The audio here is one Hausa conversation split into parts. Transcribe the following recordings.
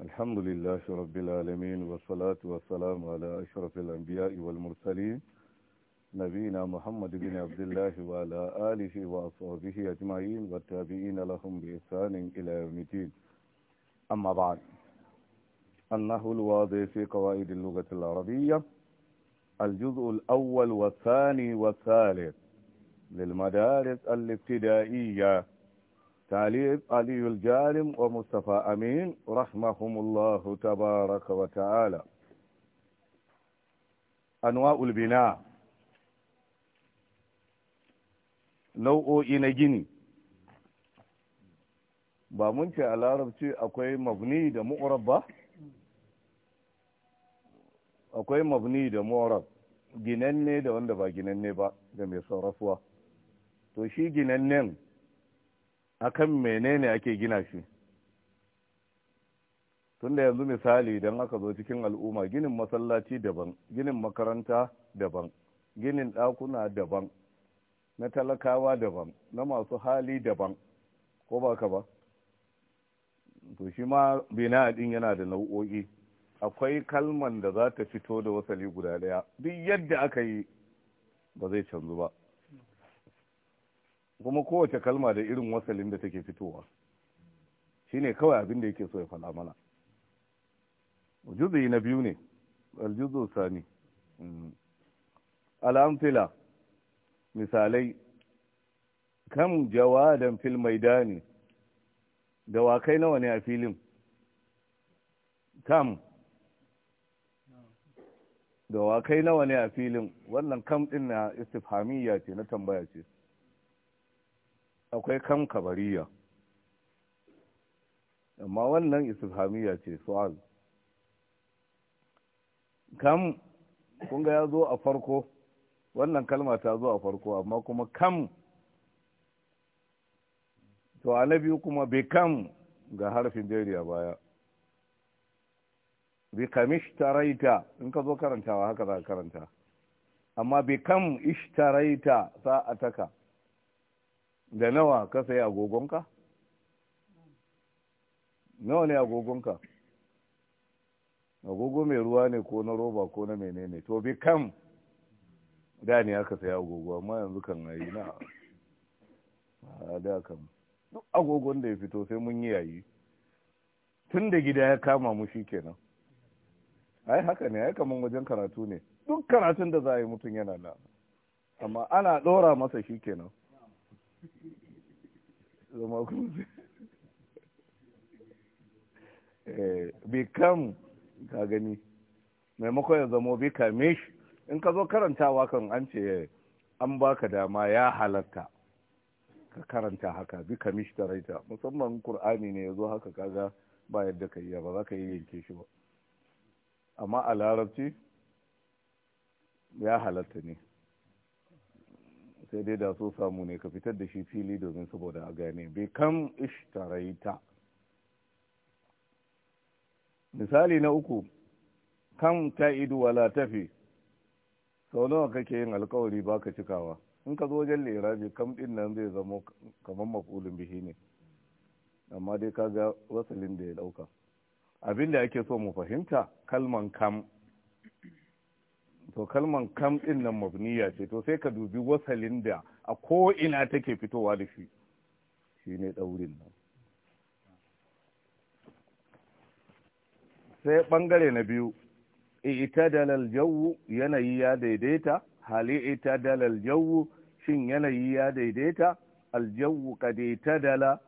الحمد لله رب العالمين والصلاة والسلام على أشرف الأنبياء والمرسلين نبينا محمد بن عبد الله وعلى آله وأصحابه أجمعين والتابعين لهم بإحسان إلى يوم الدين أما بعد أنه الواضح في قواعد اللغة العربية الجزء الأول والثاني والثالث للمدارس الابتدائية تعليق علي wa ومصطفى أمين رحمهم الله تبارك وتعالى أنواع البناء nau'o'i na gini ba mun ce a larabci akwai mabni da mu'rab ba akwai mabni da mu'rab ginanne da wanda ba ginanne ba da mai sarrafuwa to shi ginannen akan menene ake gina shi tunda yanzu misali idan aka zo cikin al'umma ginin masallaci daban ginin makaranta daban ginin ɗakuna daban na talakawa daban na masu hali daban ko ba ka ba to shi ma bina din yana da nau'o'i akwai kalman da za ta fito da wasali guda ɗaya duk yadda aka yi ba zai canzu ba kuma kowace kalma da irin wasalin da take fitowa shine kawai abin da yake so ya faɗa mana juzi na biyu ne aljuzu sani mm. al'amfila misalai kam jawadan fil maidani dawakai nawa ne a filin kam dawakai nawa ne a filin wannan kam din na istifhamiyya ce na tambaya ce akwai kam kabariya amma wannan isfahamiya ce su'al kam ga ya zo a farko wannan kalma ta zo a farko amma kuma kam to a na biyu kuma bi kam ga harfin jeriya baya bi ta raita in ka zo karantawa haka za ka karanta amma bi kam ishtaraita sa'a taka da nawa ka sayi agogonka nawa ne agogonka agogo mai ruwa ne ko na roba ko na menene to bi kam da ne aka sayi agogo amma yanzu kan yi na a da kam duk agogon da ya fito sai mun yi yayi tun da gida ya kama mu shi kenan ai haka ne ai kaman wajen karatu ne duk karatun da za a yi mutum yana da. amma ana ɗora masa shi kenan zama kuzi eh, bikam ka gani maimakon ya zama bikamish in ka zo karantawa kan an ce an baka dama ya halatta ka karanta haka bikamish da raita musamman kur'ani ne ya zo haka kaga ba yadda ka yi ba za ka yi yanke shi ba amma a larabci ya halatta ne sai dai da so samu ne ka fitar da shi fili domin saboda a gane bai ishtaraita misali na uku kam ta idu wala tafi sau nawa kake yin alkawari baka cikawa in ka zo wajen lirabi kam din nan zai zama kamar mafulin bihi ne amma dai ka ga wasalin da ya dauka abinda da ake so mu fahimta kalman kam to kalman kam din nan mabniya ce to sai ka dubi wasalin da a ko ina take fitowa da shi shine daurin nan sai bangare na biyu itadalal jawu yanayi ya daidaita hali itadalal jawu shin yanayi ya daidaita aljawu kad dala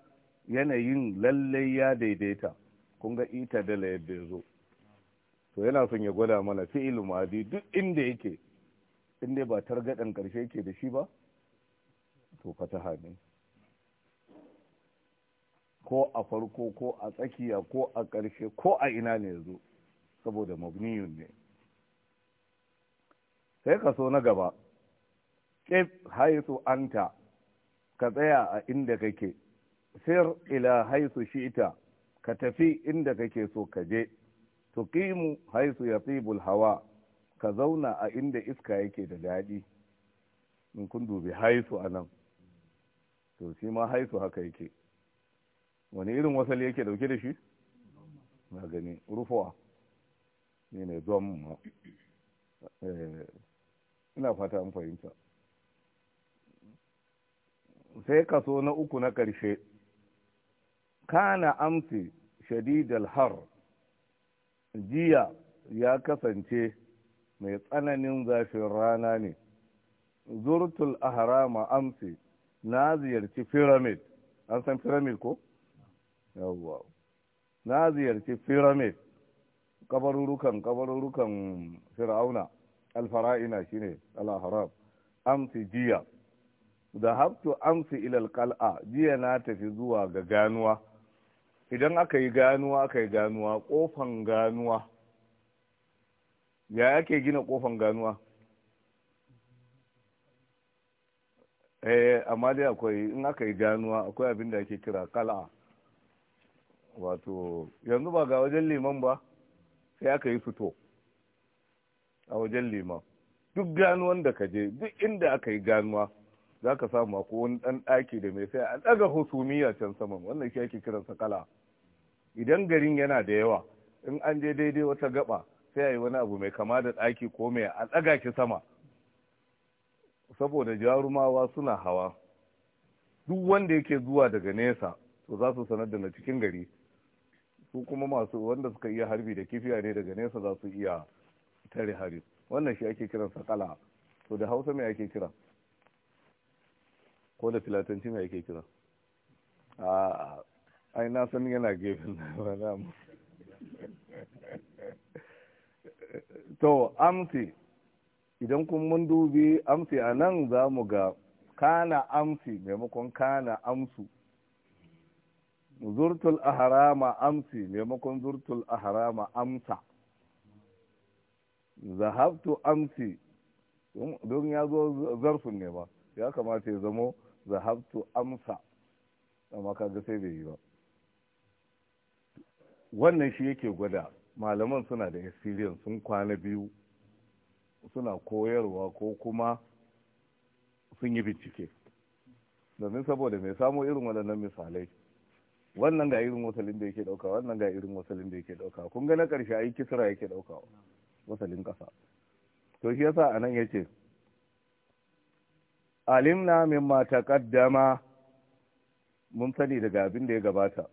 yanayin lallai ya daidaita kun ga itadala yadda ya zo to yana son ya gwada mana fi'il madi duk inda yake inda ba targaɗin ƙarshe yake da shi ba to fataha ne ko a farko ko a tsakiya ko a ƙarshe ko a ina ne zo saboda mabniyun ne sai ka so na gaba kif haisu anta ka tsaya a inda kake sir ila haisu shi'ita ka tafi inda kake so ka je tuqimu haisu yatibul hawa ka zauna a inda iska yake da daɗi in kun dubi haisu a nan to shi ma haisu haka yake wani irin wasali yake dauke da shi na gani rufuwa ne ne eh, don ina fata an fahimta sai kaso na uku na ƙarshe kana amsi shadidal har jiya ya kasance mai tsananin zafin rana ne zurtul ahrama amsi na ziyarci pyramid an san pyramid ko? yawwa na ziyarci pyramid kabarurukan kabarurukan fir'auna alfara'ina shine al-ahram amsi jiya da habtu amsi ilal kal'a jiya na tafi zuwa ga ganuwa idan aka yi ganuwa aka yi ganuwa kofan ganuwa ya ake gina kofan ganuwa eh amma dai akwai in aka yi ganuwa akwai abin da ake kira kala wato yanzu ba ga wajen liman ba sai aka yi fito a wajen liman duk ganuwan da ka je duk inda aka yi ganuwa za ka samu ko wani ɗan ɗaki da mai sai a ɗaga husumiya can saman wannan shi ake kiransa kala idan garin yana da yawa in an je daidai wata gaba sai a yi wani abu mai kama da ɗaki ko mai a ɗaga ki sama saboda jarumawa suna hawa duk wanda yake zuwa daga nesa to za su sanar da na cikin gari su kuma masu wanda suka iya harbi da kifiya ne daga nesa za su iya tare hari wannan shi ake kiransa kala to da hausa mai ake kira ko da filatanci mai ake kira a ai na san yana gefen na ba mu to amsi idan kun mun dubi amsi a nan za mu ga kana amsi maimakon kana amsu zurtul aharama amsi maimakon zurtul aharama amsa zahabtu amsi don ya zo zarfin ne ba ya kamata ya zamo zahabtu amsa amma kaga sai bai yi ba wannan shi yake gwada malaman suna da experience sun kwana biyu suna koyarwa ko kuma sun yi bincike domin saboda mai samo irin waɗannan misalai wannan ga irin wasalin da yake ɗauka wannan ga irin wasalin da yake ɗauka kun ga na ƙarshe ayi kisra yake ɗauka wasalin ƙasa to shi yasa anan yace alimna mimma taqaddama mun sani daga abin da ya gabata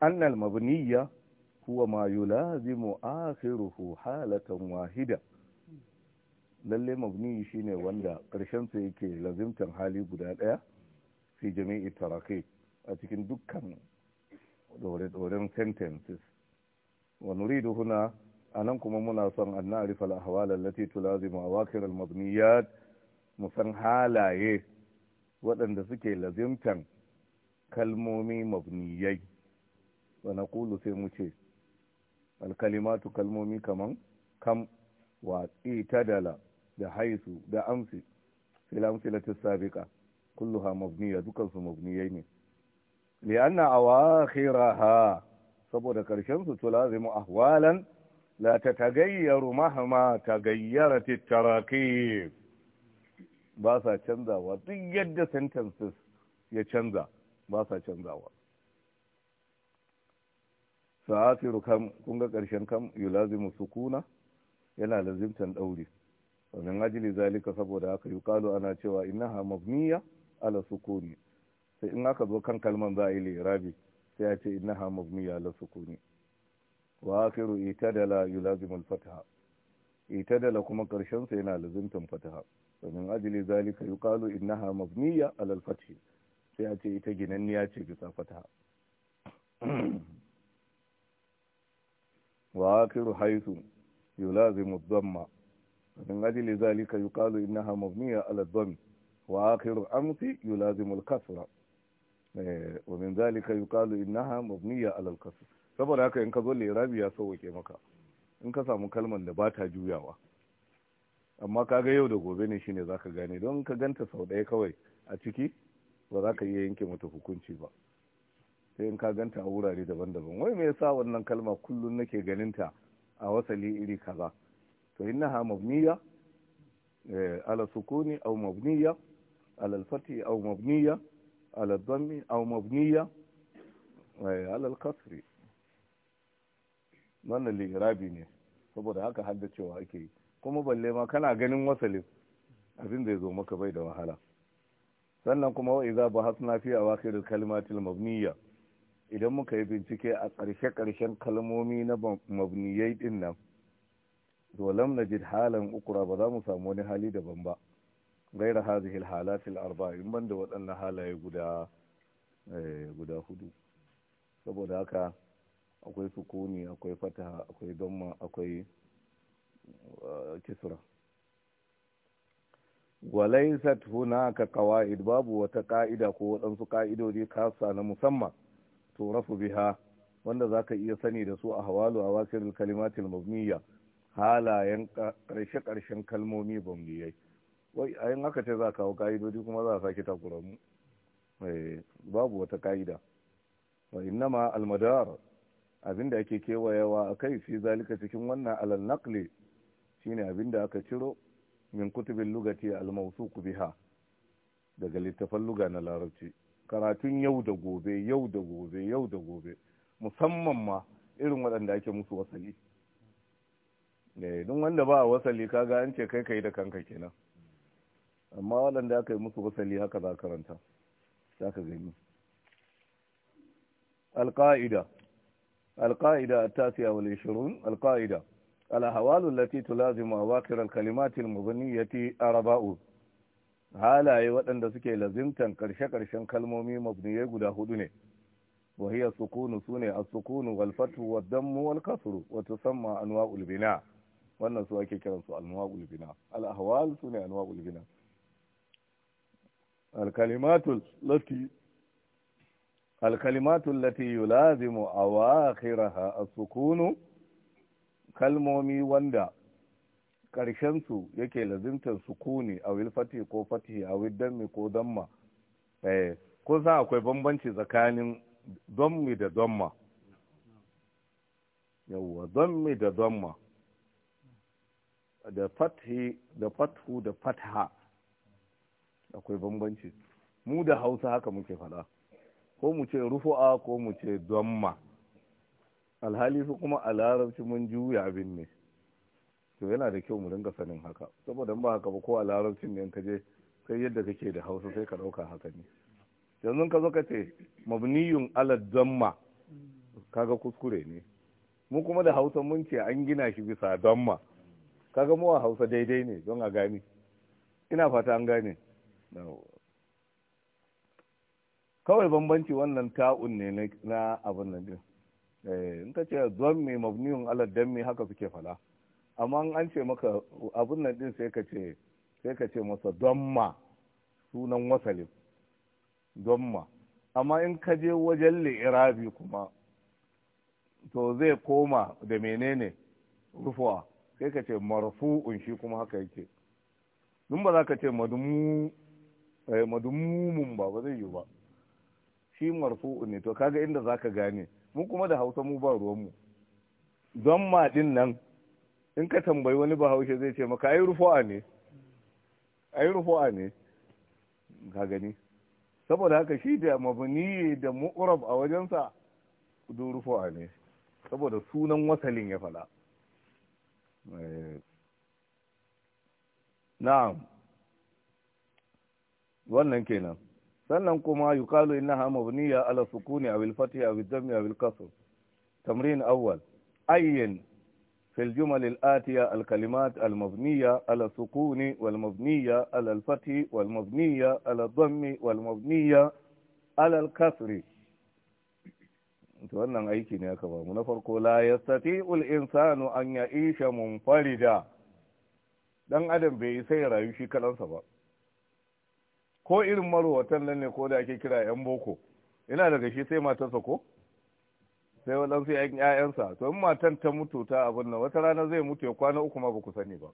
annal mabniyya huwa ma yulazimu akhiruhu halatan wahida lalle mabni shine wanda karshen sa yake lazimtan hali guda daya fi jami'i taraki a cikin dukkan dore-doren sentences wa nuridu huna anan kuma muna son an na'rifa al-ahwal allati tulazimu awakhir al-mabniyat musan san halaye waɗanda suke lazimtan kalmomi mabniyai wa naqulu sai mu ce alkalimatu kalmomi kaman kam wa itadala da haisu da amsi fil amsilati sabiqa kulluha mabniya dukan su mabniyai ne li'anna awakhiraha saboda karshen su lazimu ahwalan la tatagayyaru mahma tagayyarat at taraqib ba sa canzawa duk yadda sentences ya canza ba sa canzawa fa'asiru kam kun ga ƙarshen kam yulazimu sukuna yana lazimtan ɗauri wa min ajli zalika saboda haka yuqalu ana cewa innaha mabniya ala sukuni sai in aka zo kan kalman za a yi lirabi sai a ce innaha mabniya ala sukuni wa akhiru itadala yulazimu al-fatha itadala kuma ƙarshen sa yana lazimtan fataha wa min ajli zalika yuqalu innaha mabniya ala al-fath sai a ce ita ginanniya ce bisa fataha wa حيث يلازم الضم من أجل ذلك يقال إنها مبنية على الضم وآخر wa يلازم الكسر ومن ذلك يقال إنها مبنية على الكسر saboda haka in ka zo ya sauke maka in ka samu kalman da ba ta juyawa amma kaga yau da gobe ne shine zaka gane don ka ganta sau ɗaya kawai a ciki ba za ka iya yanke mata hukunci ba sai in ka ganta a wurare daban-daban wai me yasa wannan kalma kullum nake ganinta a wasali iri kaza to innaha mabniya eh, ala sukuni aw mabniya ala alfati a aw mabniya على الضم أو مبنية ala eh, alkasri wannan lirabi ne saboda haka haddacewa ake yi kuma balle ma kana ganin wasalin abin zai zo maka bai da wahala sannan kuma wa iza ba hasna fi wakilin kalimatil mabniyya idan muka yi bincike a ƙarshe-ƙarshen kalmomi na mabniyai din nan dolam na halan ukura ba za mu samu wani hali daban ba gaira hazihil halatil arba'in ban da waɗannan halaye guda eh, guda hudu saboda haka akwai sukuni akwai fataha akwai damma akwai eh, kisra walaisat hunaka qawaid babu wata ka'ida ko waɗansu ka'idodi kasa na musamman turafu biha wanda zaka iya sani da su a hawalu a wasirul kalimatil mabniya halayen karshe karshen kalmomi bamniyai wai a yin haka ce za kawo ka'idodi kuma za a sake takura mu babu wata ka'ida wa ma almadar abinda ake kewayawa a kai fi zalika cikin wannan alal naqli shine abinda aka ciro min kutubin lugati al-mawsuq biha daga littafan luga na larabci karatun yau da gobe yau da gobe yau da gobe musamman ma irin waɗanda ake musu wasali eh, don wanda ba a wasali kaga an ce kai kai da kanka kenan amma waɗanda aka yi musu wasali haka za karanta za ka gani alƙa'ida alƙa'ida a tasiya wale ishirun alƙa'ida alhawalu lati tulazima a wakirar kalimatin mubaniyati arba'u halaye waɗanda suke lazimtan ƙarshe-ƙarshen kalmomi mabniye guda hudu ne wahiyar sukunu su ne a sukunu walfatu wa dammu wal kasuru wa tusamma anwa'ul bina wannan su ake kiran su anwa'ul bina al su ne anwa'ul bina al-kalimatul lati al-kalimatul lati yulazimu awakhiraha as-sukunu kalmomi wanda ƙarshen su yake lazimtar sukuni a wil fati ko fati a wil dammi ko damma eh ko sa akwai bambanci tsakanin dammi da damma yawwa dammi da damma da fathi da fathu da fatha akwai bambanci mu da hausa haka muke faɗa ko mu ce rufu'a ko mu ce damma alhali su kuma a larabci mun juya abin ne to yana da kyau mu dinga sanin haka saboda ba haka ba ko a larabcin ne ka je sai yadda kake da hausa sai ka dauka haka ne yanzu ka zo ka ce mabniyun ala damma kaga kuskure ne mu kuma da hausa mun ce an gina shi bisa damma kaga mu a hausa daidai ne don a gani ina fata an gane kawai bambanci wannan ta'un ne na abin nan din eh, in ka ce don mai mabniyun ala dammi haka suke fala amma an ce maka abun nan din sai ka ce sai ka ce masa donma sunan wasalin donma amma in ka je wajen li'irabi kuma to zai koma da menene rufuwa sai ka ce marfu'un shi kuma haka yake dun ba za ka ce eh, madumumun ba ba zai yi ba shi marfu'un ne to kaga inda za ka gane mu kuma da hausa mu ba ruwanmu don ma din nan in ka tambayi wani bahaushe zai ce maka ayi rufu'a ne ayi rufu'a ne ka gani saboda haka shi da mabani da mu'rab a wajensa du rufu'a ne saboda sunan wasalin ya fada eh. na'am wannan kenan sannan kuma yuqalu innaha mabniya ala sukuni aw al-fathi aw al-dammi aw al-kasr tamrin awwal ayyin في الجمل الآتية الكلمات المبنية على السكون والمبنية على الفتح والمبنية على الضم والمبنية على الكسر wannan aiki ne aka bamu na farko la yastati'ul insanu an ya'isha munfarida dan adam bai sai rayu shi kalansa ba ko irin marwatan nan ne ko da ake kira yan boko ina daga shi sai matarsa ko sai waɗansu ‘yan ‘ya'yansa to in matan ta mutu ta abin nan wata rana zai mutu ya kwana uku ma ba ku sani ba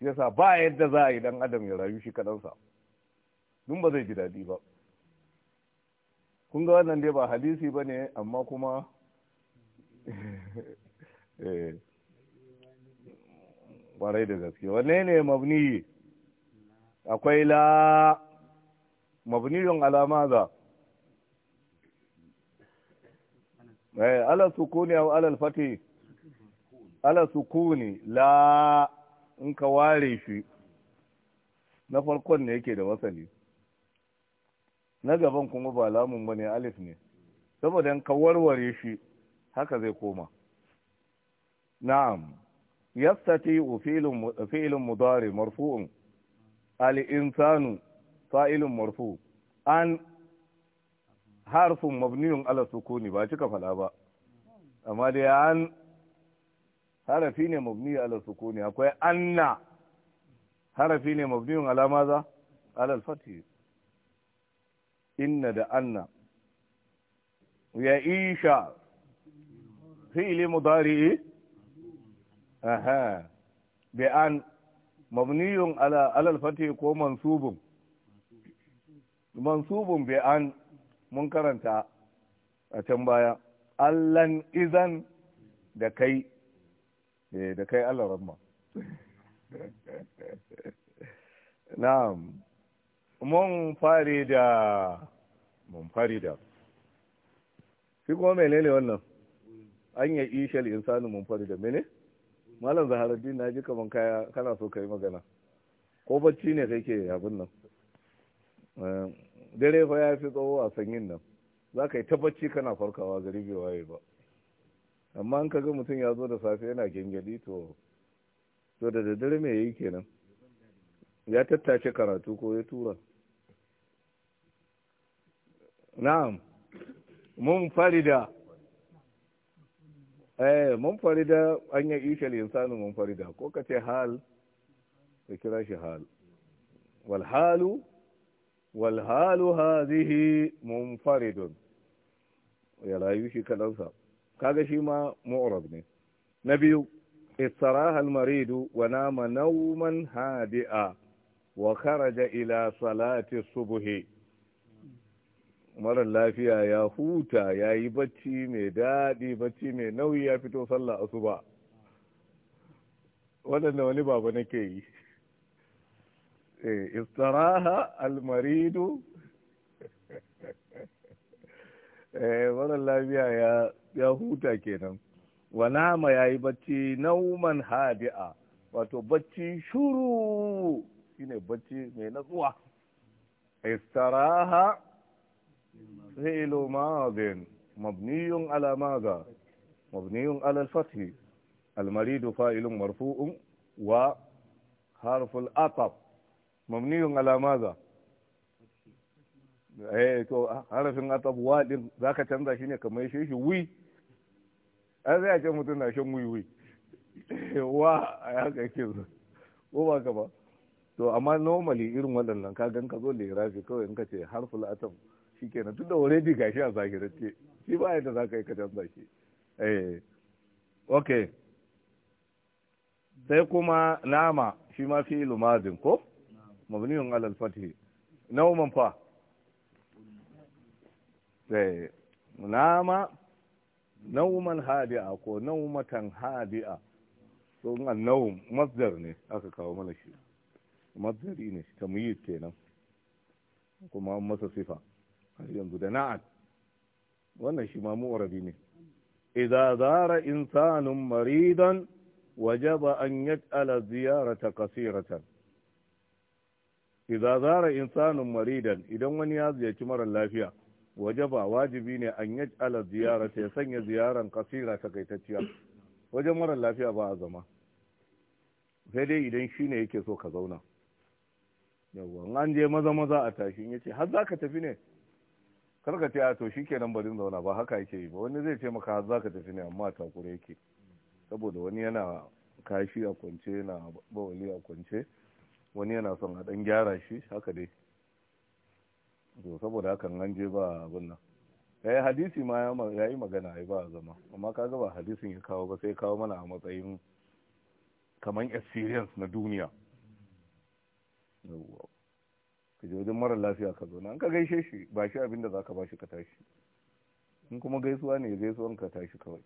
yasa ba a yadda za a yi dan adam ya rayu shi kaɗansa dun ba zai ji daɗi ba kun ga wannan dai ba hadisi ba ne amma kuma eh, ƙwarai da gaske wanne ne mabni akwai la mabniyun alama za Eh, ala sukuni au ala fati ala sukuni la in ka ware shi na farkon ne yake da wasali na gaban kuma ba lamun bane alif ne saboda in ka warware shi haka zai koma na'am yastati fi'lun mudari marfu'un al-insanu fa'ilun marfu' an harfin mabniyun ala sukuni ba cika fala ba amma da ya an harafi ne mabniyun ala sukuni akwai anna harafi ne mabniyun ala maza ala alfati inna da anna ya isha fi'ili mudari'i aha bi an mabniyun ala ala alfati ko mansubun mansubun bi an mun karanta a can baya allan izan da kai eh, da kai allah rahma na'am mun fari da mun fari da shi kuma menene wannan an yi ishal insani mun fari da mene malam zaharaddin na ji kaman kaya kana so ka yi magana ko bacci ne kake abin nan eh. dare fa ya fi tsawo a sanyin nan za ka yi tabbaci kana farkawa gari bai waye ba amma an ga mutum ya zo da safe yana gyangyaɗi to to da daddare me yi kenan ya tattace karatu ko ya tura na'am mun farida eh mun da an yi ishal insanu mun farida ko ka ce hal ka kira shi hal wal halu walhalu هذه منفرد ya rayu shi kaɗansa kaga shi ma mu'rab ne na biyu istaraha al-maridu wa nama nauman hadi'a wa kharaja ila salati subhi mara lafiya ya huta ya yi bacci mai daɗi bacci mai nauyi ya fito sallah asuba waɗanda wani baba nake yi Eh, istaraha almaridu wannan eh, lafiya ya huta kenan wa nama ya yi bacci nauman hadi'a wato bacci shuru shine bacci mai natsuwa istaraha fi'lu madin mabniyun ala maza mabniyun ala al-fath al fa'ilun marfu'un wa harful aqab mamniyun ala maza eh, to harafin atab wa din zaka canza shi ne kamar shi wi an sai a ce na shan wiwi wa a haka yake zo ko ba ka ba to amma normally irin waɗannan ka gan ka zo lirafi kawai in ka ce harful atab shikenan tun da already gashi a zahirance shi ba yadda za yi ka canza shi eh, sai kuma nama shi ma fi lumazin ko mabniyun alal fathi nauman fa sai nama nauman hadi'a ko naumatan hadi'a so an naum masdar ne aka kawo mana shi masdari ne tamyiz kenan kuma an masa sifa har yanzu da na'at wannan shi ma mu'rabi ne idza zara insanun maridan wajaba an yaj'ala ziyarata qasiratan idza zara insanun maridan idan wani ya ziyarci mara lafiya wajaba wajibi ne an yi ala ziyara ya sanya ziyaran kasira takaitacciya wajen mara lafiya ba azama. zama sai dai idan shi ne yake so ka zauna yawwa an je maza maza a tashi in yace har zaka tafi ne karka ce a to shikenan barin zauna ba haka yake yi ba wani zai ce maka har zaka tafi ne amma kure yake saboda wani yana kashi a kwance yana bawali a kwance wani yana son a ɗan gyara shi haka dai to saboda hakan an je ba abin nan eh hadisi ma ya yi magana ai ba zama amma ga ba hadisin ya kawo ba sai ya kawo mana a matsayin kaman experience na duniya yawwa ka je wajen mara lafiya ka zo an ka gaishe shi ba shi abin da zaka ba shi ka tashi in kuma gaisuwa ne gaisuwan ka tashi kawai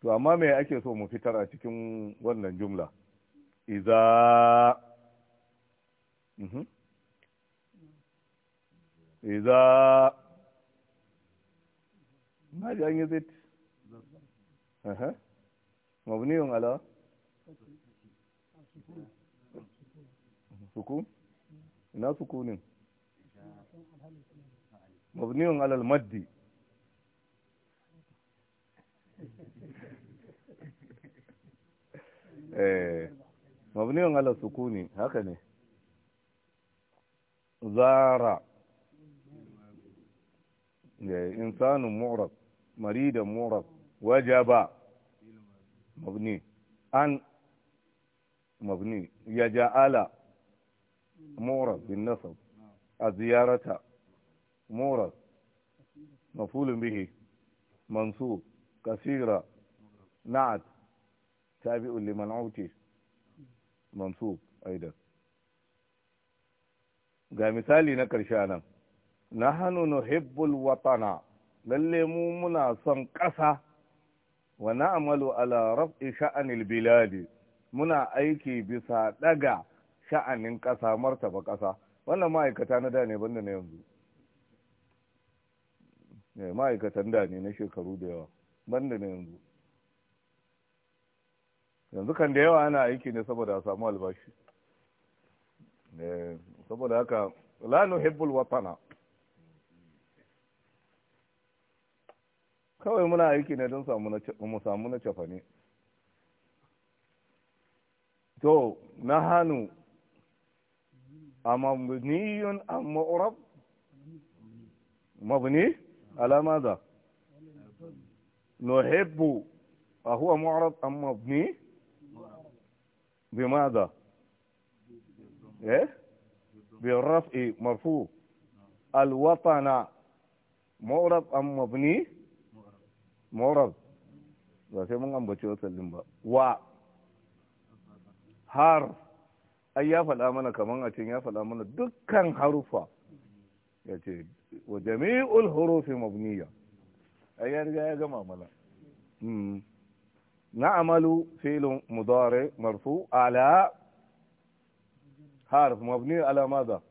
to amma me ake so mu fitar a cikin wannan jumla إذا إذا ما جاء يزيد أها مبني على سكون لا سكون مبني على المد ايه mabniyon ala sukuni haka ne zara ya eh, insanun mu'rab maridan mu'rab wajaba mabni an mabni ya ja'ala mu'rab bin nasab a ziyarata mu'rab mafulun bihi mansub kasira na'at tabi'un liman autish mansub aida ga misali na ƙarshe nan na nahnu nuhibbul watana lalle mu muna son ƙasa wa na'malu ala raf'i sha'anil biladi muna aiki bisa daga sha'anin ƙasa martaba ƙasa wannan ma'aikata na da ne banda na yanzu eh, ma'aikatan da ne na shekaru da yawa banda na yanzu yanzu kan da yawa ana aiki ne saboda a samu albashi eh, saboda haka la nuhibbul watana kawai muna aiki ne don mu samu na cafane to na hannu a niyun an ma'urab mabni alamaza nuhibbu a huwa ma'urab an mabni بماذا ايه بالرفع مرفوع الوطن مورب ام مبني مورب بس و هار اي يافا منا كمان اتين يافا فلا منا دكان حروفا وجميع الحروف مبنيه ايا رجع يا جماعه امم نعمل فعل مضارع مرفوع على حرف مبني على ماذا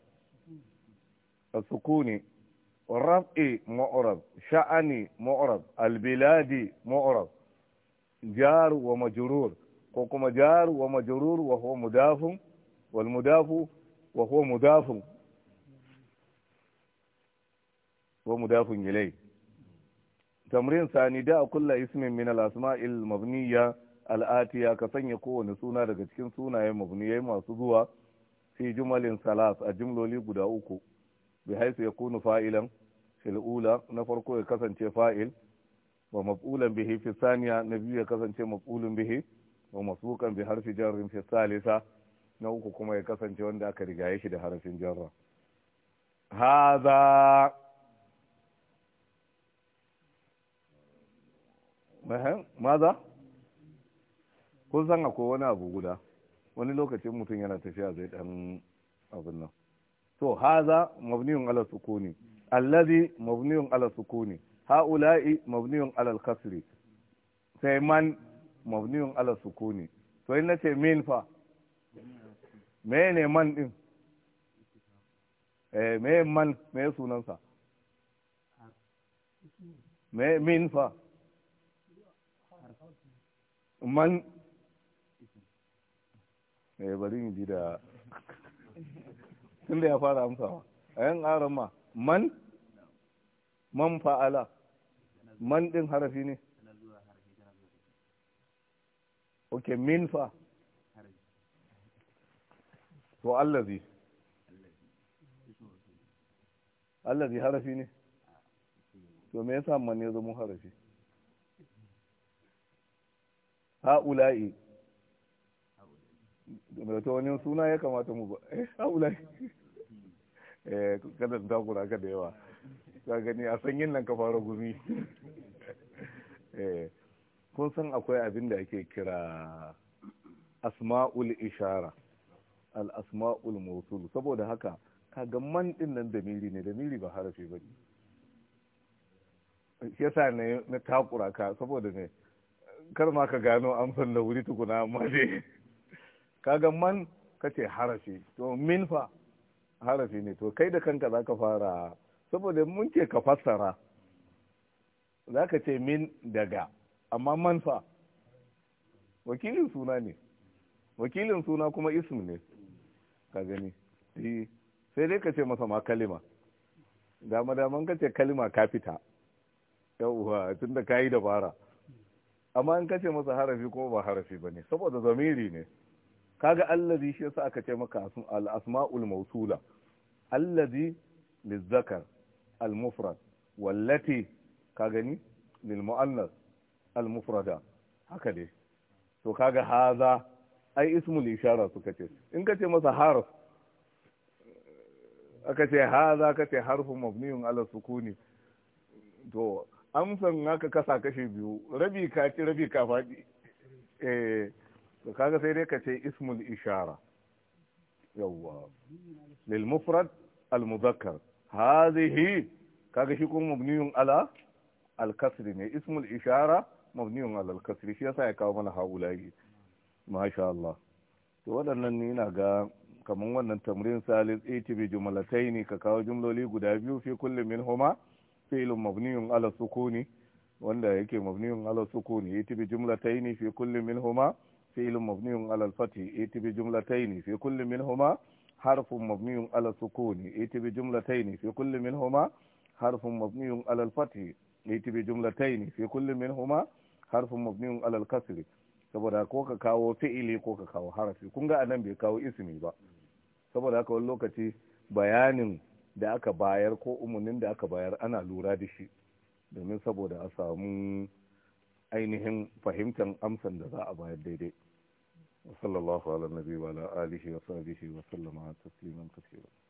السكون الرفع معرض شأن معرض البلاد معرض جار ومجرور حكم جار ومجرور وهو مضاف والمضاف وهو مضاف ومضاف إليه tamrin sani da a kulla ismin min al-asma'il mabniya al'atiya ka sanya kowane suna daga cikin sunayen mabniyai masu zuwa fi salas a jimloli guda uku bi ya kunu fa'ilan fil'ula na farko ya kasance fa'il wa maf'ulan bihi fi saniya na biyu ya kasance maf'ulun bihi wa masbuqan bi harfi jarrin fi salisa na uku kuma ya kasance wanda aka rigaye shi da harafin jarra haza maza kun san akwai wani abu guda wani lokacin mutum yana tafiya zai dan abin nan to haza mabniyun ala sukuni allazi mabniyun ala sukuni haula'i mabniyun ala kasri sai man mabniyun ala sukuni to in nace min fa ne man din eh me man me sunansa me min fa man eh bari in ji da tunda ya fara amsawa a yan ma man man fa'ala man ɗin harafi ne ok min fa to allazi allazi harafi ne to me yasa man ya zama harafi ha'ula'i da ta wani suna ya kamata mu ba eh ha'ula'i eh kada ta ka da yawa ka gani a sanyin nan ka fara gumi eh, kun san akwai abin da ake kira asma'ul ishara al asma'ul mawsul saboda haka kaga man din nan da miri ne da miri ba harafi ne shi yasa ne na takura ka saboda ne kar ma ka gano amsan da wuri tukuna amma dai kaga man ka ce harafi to min fa harafi ne to kai da kanka za ka fara saboda mun ce ka fassara Za ka ce min daga amma man fa wakilin suna ne wakilin suna kuma ism ne ka gani sai dai ka ce masa ma kalima dama daman ka ce kalima ka fita yauwa da ka yi dabara amma in kace masa harafi kuma ba harafi bane saboda zamiri ne kaga allazi shi yasa aka ce maka al asmaul mawsula allazi lizakar al mufrad wallati ka gani lil muannas al mufrada haka dai to kaga haza ai ismul ishara suka ce in kace masa harf aka ce haza kace harfun mabniun ala sukuni to amsan naka kasa kashe biyu rabi ka ci rabi ka faɗi eh kaga sai dai ka ce ismul ishara yawwa lil mufrad al mudhakkar hadhihi kaga shi kuma mabniyun ala al kasri ne ismul ishara mabniyun ala al kasri shi yasa ya kawo mana haulayi masha Allah to waɗannan ni ina ga kaman wannan tamrin salis itibi ne ka kawo jumloli guda biyu fi kullum min huma fi'lun mabniyun ala sukuni wanda yake mabniyun ala sukuni yati bi jumlataini fi kulli minhuma fi'lun mabniyun ala al-fathi yati bi jumlataini fi kulli minhuma harfun mabniyun ala sukuni yati bi jumlataini fi kulli minhuma harfun mabniyun ala al-fathi yati bi jumlataini fi kulli minhuma harfun mabniyun ala al-kasri saboda ko ka kawo fi'ili ko ka kawo harfi kun ga anan bai kawo ismi ba saboda haka wani lokaci bayanin da aka bayar ko umarnin da aka bayar ana lura da shi domin saboda a samu ainihin fahimtar amsan da za a bayar daidai sallallahu ala nabi wa ala alihi wa sahbihi wa tasirin tasliman